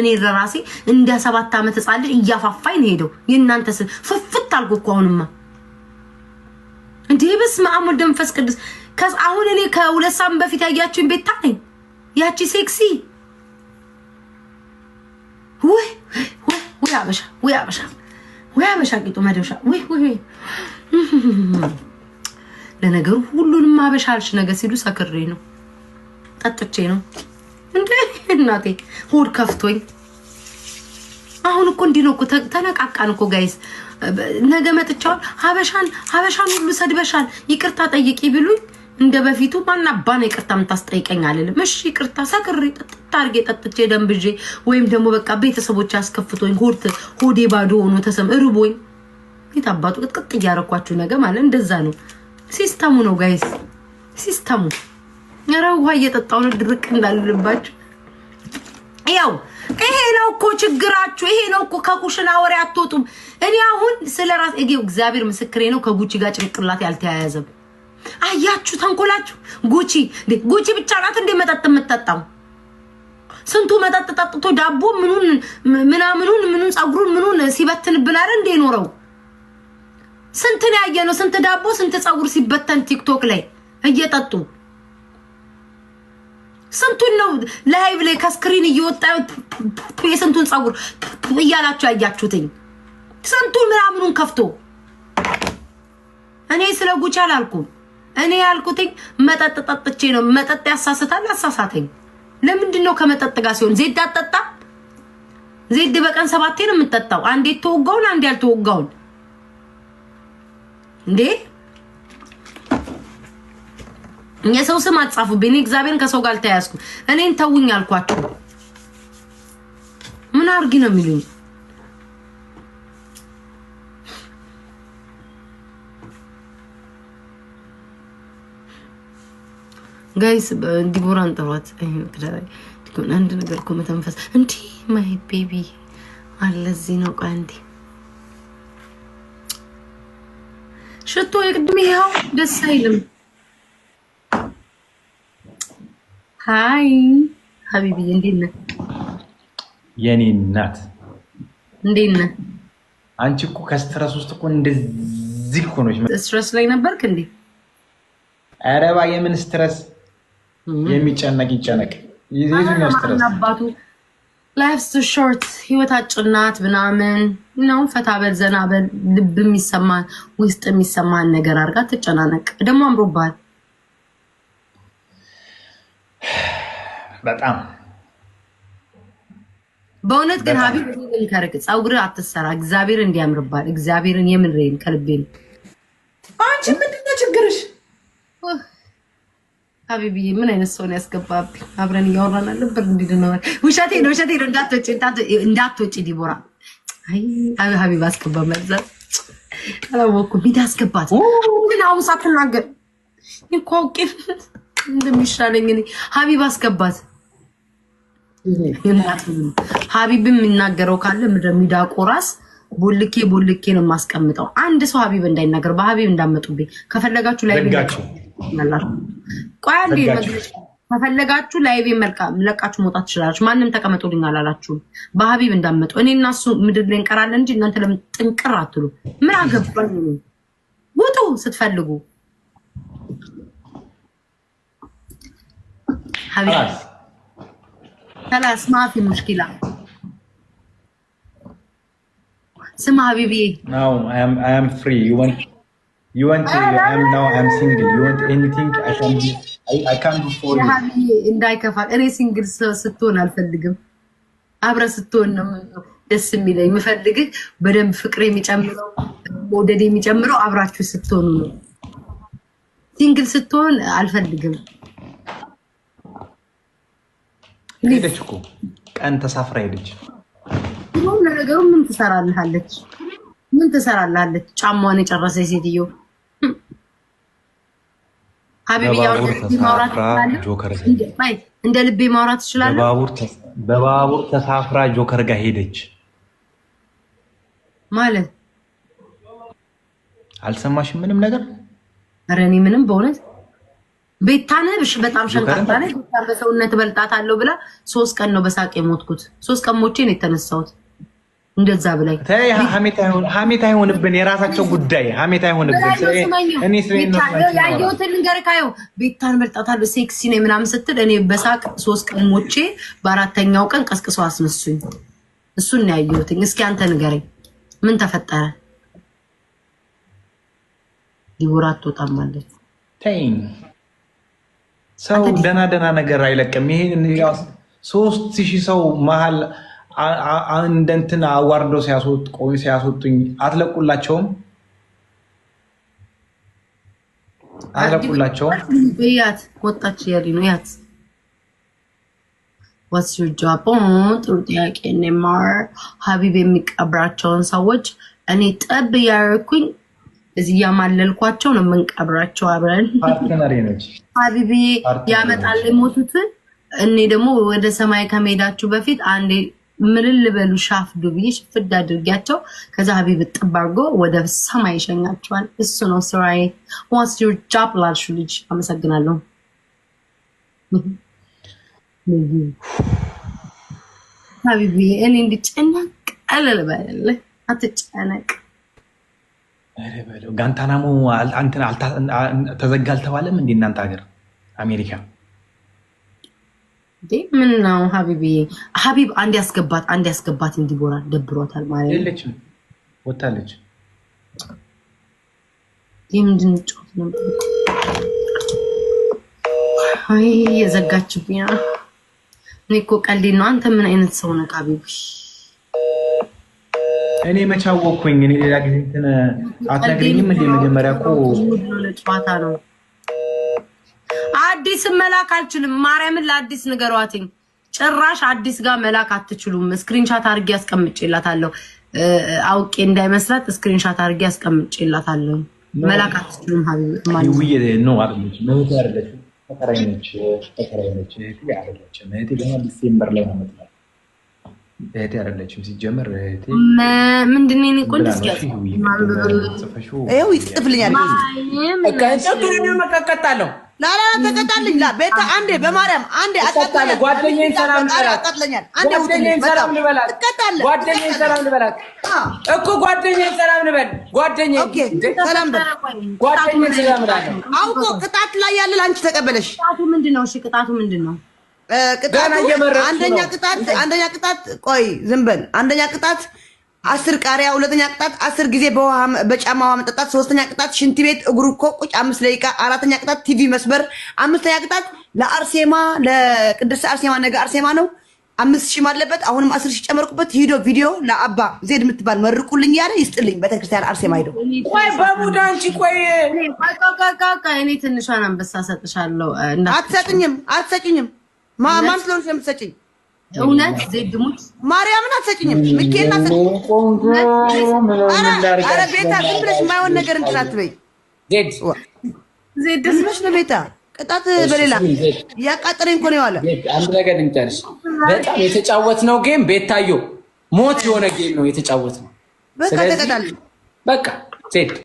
እኔ ለራሴ እንደ ሰባት ዓመት ህፃን ልጅ እያፋፋኝ ነው ሄደው። የእናንተ ስ ፍፍት አልጎ እኮ አሁንማ እንዴ! በስመ አብ ወልድ መንፈስ ቅዱስ። አሁን እኔ ከሁለት ሳምንት በፊት ያያችሁን ቤታ ነኝ። ያቺ ሴክሲ ውይ ውይ አበሻ ውይ አበሻ ውይ አበሻ ቂጡ መደብሻ ውይ ውይ ለነገሩ ሁሉንም አበሻ አልሽ ነገር ሲሉ ሰክሬ ነው ጠጥቼ ነው እናቴ ሆድ ከፍቶኝ አሁን እኮ እንዲህ ነው እኮ ተነቃቃን እኮ ጋይስ። ነገ መጥቻውን ሀበሻን ሀበሻን ሁሉ ሰድበሻል ይቅርታ ጠይቂ ቢሉኝ እንደ በፊቱ ማን ነው ይቅርታ የምታስጠይቀኝ አልልም። እሺ ይቅርታ ሰክሬ ጥጥ አድርጌ ጠጥቼ ደንብዤ ወይም ደግሞ በቃ ቤተሰቦች አስከፍቶኝ ሆዴ ባዶ ሆኖ ተሰም እርቦኝ ቤት አባቱ ቅጥቅጥ እያረኳችሁ ነገ ማለት እንደዛ ነው። ሲስተሙ ነው ጋይስ ሲስተሙ። ኧረ ውሃ ነው ድርቅ እንዳልልባችሁ ያው ይሄ ነው እኮ ችግራችሁ። ይሄ ነው እኮ ከኩሽና ወሬ አትወጡም። እኔ አሁን ስለ ራስ እግዚአብሔር ምስክሬ ነው። ከጉቺ ጋር ጭንቅላት ያልተያያዘም አያችሁ፣ ተንኮላችሁ። ጉቺ ጉቺ ብቻ ናት እንደ መጠጥ የምትጠጣው። ስንቱ መጠጥ ጠጥቶ ዳቦ ምኑን ምናምኑን ምኑን ፀጉሩን ምኑን ሲበትንብን አለ እንደ ኖረው ስንትን ያየ ነው። ስንት ዳቦ ስንት ፀጉር ሲበተን ቲክቶክ ላይ እየጠጡ ስንቱን ነው ላይቭ ላይ ከስክሪን እየወጣ የስንቱን ፀጉር እያላችሁ ያያችሁትኝ ስንቱን ምናምኑን ከፍቶ እኔ ስለ ጉቺ አላልኩም። እኔ ያልኩትኝ መጠጥ ጠጥቼ ነው። መጠጥ ያሳስታል፣ አሳሳተኝ። ለምንድን ነው ከመጠጥ ጋር ሲሆን ዜድ አጠጣ? ዜድ በቀን ሰባቴ ነው የምጠጣው። አንዴ ተወጋውን አንዴ ያልተወጋውን እንዴ የሰው ስም አትጻፉብኝ። እኔ እግዚአብሔርን ከሰው ጋር አልተያያዝኩም። እኔን ተውኝ አልኳቸው። ምን አርጊ ነው የሚሉኝ? ጋይስ ዲቦራን ጥሯት። አንድ ነገር እኮ መተንፈስ እንዲህ ማይ ቤቢ አለዚህ ነው። ቆይ እንዲህ ሽቶ የቅድም ይኸው ደስ አይልም። ሀይ ሀቢብዬ እንዴት ነህ? የኔ እናት እንዴት ነህ? አንቺ እኮ ከስትረስ ውስጥ እኮ እንደዚህ እኮ ነች። ስትረስ ላይ ነበርክ እንዴ? ኧረ የምን ስትረስ የሚጨነቅ ይጨነቅ። የትኛው ስትረስ አባቱ ሾርት ህይወት አጭር ናት ምናምን ነው። ፈታ በል ዘና በል ልብ የሚሰማን ውስጥ የሚሰማን ነገር አድርጋ ትጨናነቅ ደግሞ አምሮባል በጣም በእውነት ግን ሀቢብ ከርቅ ፀጉር አትሰራ። እግዚአብሔር እንዲያምርባል እግዚአብሔርን የምንሬን ከልቤን። አንቺ ምንድን ነው ችግርሽ ሀቢብዬ? ምን አይነት ሰውን ያስገባብ? አብረን እያወራን አለ ብር እንዲድነዋል። ውሸቴ ነው ውሸቴ ነው። እንዳትወጪ ዲቦራ። አይ ሀቢብ አስገባ መዛት አላወኩም። ሂድ አስገባት። ግን አሁን ሳትናገር ይኳውቄ እንደሚሻለኝ እኔ ሀቢብ አስገባት። ሀቢብ የሚናገረው ካለ ሚዳቆ ራስ ቦልኬ ቦልኬ ነው የማስቀምጠው። አንድ ሰው ሀቢብ እንዳይናገር በሀቢብ እንዳመጡብኝ ከፈለጋችሁ ላይ ቆያል ከፈለጋችሁ ላይቤ ለቃችሁ መውጣት ትችላለች። ማንም ተቀመጡልኝ አላላችሁም። በሀቢብ እንዳመጡ እኔ እና እሱ ምድር ላይ እንቀራለን እንጂ እናንተ ለምን ጥንቅር አትሉ? ምን አገባኝ? ውጡ ስትፈልጉ حبيبي خلاص ما في مشكلة سمع حبيبي No, I am I am free. You want you want to, I am now I'm single. You want anything I can do I, I can do for you. حبيبي እንዳይከፋል እኔ ሲንግል ስትሆን አልፈልግም። አብረ ስትሆን ደስ የሚለኝ የምፈልግህ በደንብ ፍቅር የሚጨምረው መውደድ የሚጨምረው አብራችሁ ስትሆኑ ነው። ሲንግል ስትሆን አልፈልግም። ሄደች እኮ ቀን ተሳፍራ ሄደች። ለነገሩ ምን ትሰራልሃለች? ምን ትሰራልሃለች? ጫማዋን የጨረሰች ሴትዮ እንደ ልቤ ማውራት ትችላለህ። በባቡር ተሳፍራ ጆከር ጋር ሄደች ማለት አልሰማሽም? ምንም ነገር ኧረ እኔ ምንም በእውነት ቤታነብሽ በጣም ሸንቃጣ ነች። ቤታን በሰውነት አለው ብላ ሶስት ቀን ነው በሳቅ የሞትኩት። ሶስት ቀን ሞቼ ነው የተነሳሁት። እንደዛ ብላይ ሀሜት አይሆንብን፣ የራሳቸው ጉዳይ ሀሜት አይሆንብን። ያየሁትን ልንገርህ፣ ካየው ቤታን እበልጣታለሁ ሴክሲ ነኝ ምናምን ስትል እኔ በሳቅ ሶስት ቀን ሞቼ በአራተኛው ቀን ቀስቅሶ አስነሱኝ። እሱን ያየሁትኝ። እስኪ አንተ ንገረኝ፣ ምን ተፈጠረ? ዲቦራ አትወጣም አለች። ተይኝ ሰው ደና ደና ነገር አይለቅም። ይሄን ሶስት ሺህ ሰው መሀል እንደ እንትን አዋርዶ ሲያስወጡኝ አትለቁላቸውም አትለቁላቸውም። ጥሩ ጥያቄ ኔማር ሀቢብ የሚቀብራቸውን ሰዎች እኔ ጠብ እያደረኩኝ እያማለልኳቸው ነው የምንቀብራቸው አብረን። ፓርትነር ነች ሀቢብዬ ያመጣል የሞቱትን። እኔ ደግሞ ወደ ሰማይ ከመሄዳችሁ በፊት አንዴ ምልል በሉ ሻፍ ዱብዬ ሽፍድ አድርጊያቸው። ከዛ ሀቢብ ጥብ አድርጎ ወደ ሰማይ ይሸኛቸዋል። እሱ ነው ስራዬ። ዋስ ዩር ጃብ ላልሹ ልጅ አመሰግናለሁ። ሀቢብዬ እኔ እንዲጨነቅ ቀለል በልልህ፣ አትጨነቅ ጋንታናሞ ተዘጋ አልተባለም እንዴ? እናንተ ሀገር አሜሪካ ምን ነው ሀቢቢ? ሀቢብ አንድ ያስገባት አንድ ያስገባት እንዲቦራ ደብሯታል ማለት ነው። የለችም ወታለች። ምንድን ጫወት ነበር? አይ የዘጋችብኝ እኔ እኮ ቀልዴ ነው። አንተ ምን አይነት ሰው ነህ ሀቢብ? እኔ መቻወቅኩኝ። እኔ ሌላ ጊዜ እንትን አትነግረኝም እንዴ? መጀመሪያ እኮ ጨዋታ ነው። አዲስ መላክ አልችልም። ማርያምን ለአዲስ ንገሯትኝ። ጭራሽ አዲስ ጋር መላክ አትችሉም። ስክሪንሻት አድርጌ አስቀምጬላታለሁ። አውቄ እንዳይመስላት ስክሪንሻት አድርጌ አስቀምጬላታለሁ። መላክ አትችሉም። ሀቢብ ተከራይ ነች። ዲሴምበር ላይ ነው መጥላት እህቴ አይደለችም። ሲጀመር እህቴ ምንድን ነው ቆንጆ ይኸው ይጽፍልኛል። አንዴ በማርያም አንዴ ጓደኛዬን ሰላም ልበላት እኮ ጓደኛዬን ሰላም ልበል። ጓደኛዬን ቅጣት ላይ ያለ አንቺ ተቀበለሽ። ቅጣቱ ምንድን ነው? እሺ ቅጣቱ ምንድን ነው? አንደኛ ቅጣት አንደኛ ቅጣት ቆይ ዝም በል። አንደኛ ቅጣት አስር ቃሪያ፣ ሁለተኛ ቅጣት አስር ጊዜ በውሃ በጫማ ውሃ መጠጣት፣ ሶስተኛ ቅጣት ሽንት ቤት እግሩ እኮ ቁጭ አምስት ደቂቃ፣ አራተኛ ቅጣት ቲቪ መስበር፣ አምስተኛ ቅጣት ለአርሴማ ለቅድስት አርሴማ ነገ አርሴማ ነው። አምስት ሺህ አለበት። አሁንም አስር ሺህ ጨመርኩበት። ሂዶ ቪዲዮ ለአባ ዜድ የምትባል መርቁልኝ ያለ ይስጥልኝ። ቤተክርስቲያን አርሴማ ሂዶ ቆይ በሙድ አንቺ ቆይ እኔ ትንሿን አንበሳ ሰጥሻለሁ። አትሰጥኝም፣ አትሰጭኝም ማን ስለሆንሽ ነው የምትሰጪኝ? እውነት ዘይድሙት ማርያምን አትሰጭኝም። ልኬና ቤታ ዝም ብለሽ የማይሆን ነገር እንትን አትበይ። ዜድ ነው ቤታ ቅጣት በሌላ እኮ ነው የዋለ። አንድ ነገር በጣም የተጫወትነው ጌም ቤታዮ ሞት የሆነ ጌም ነው የተጫወትነው። በቃ በቃ ዜድ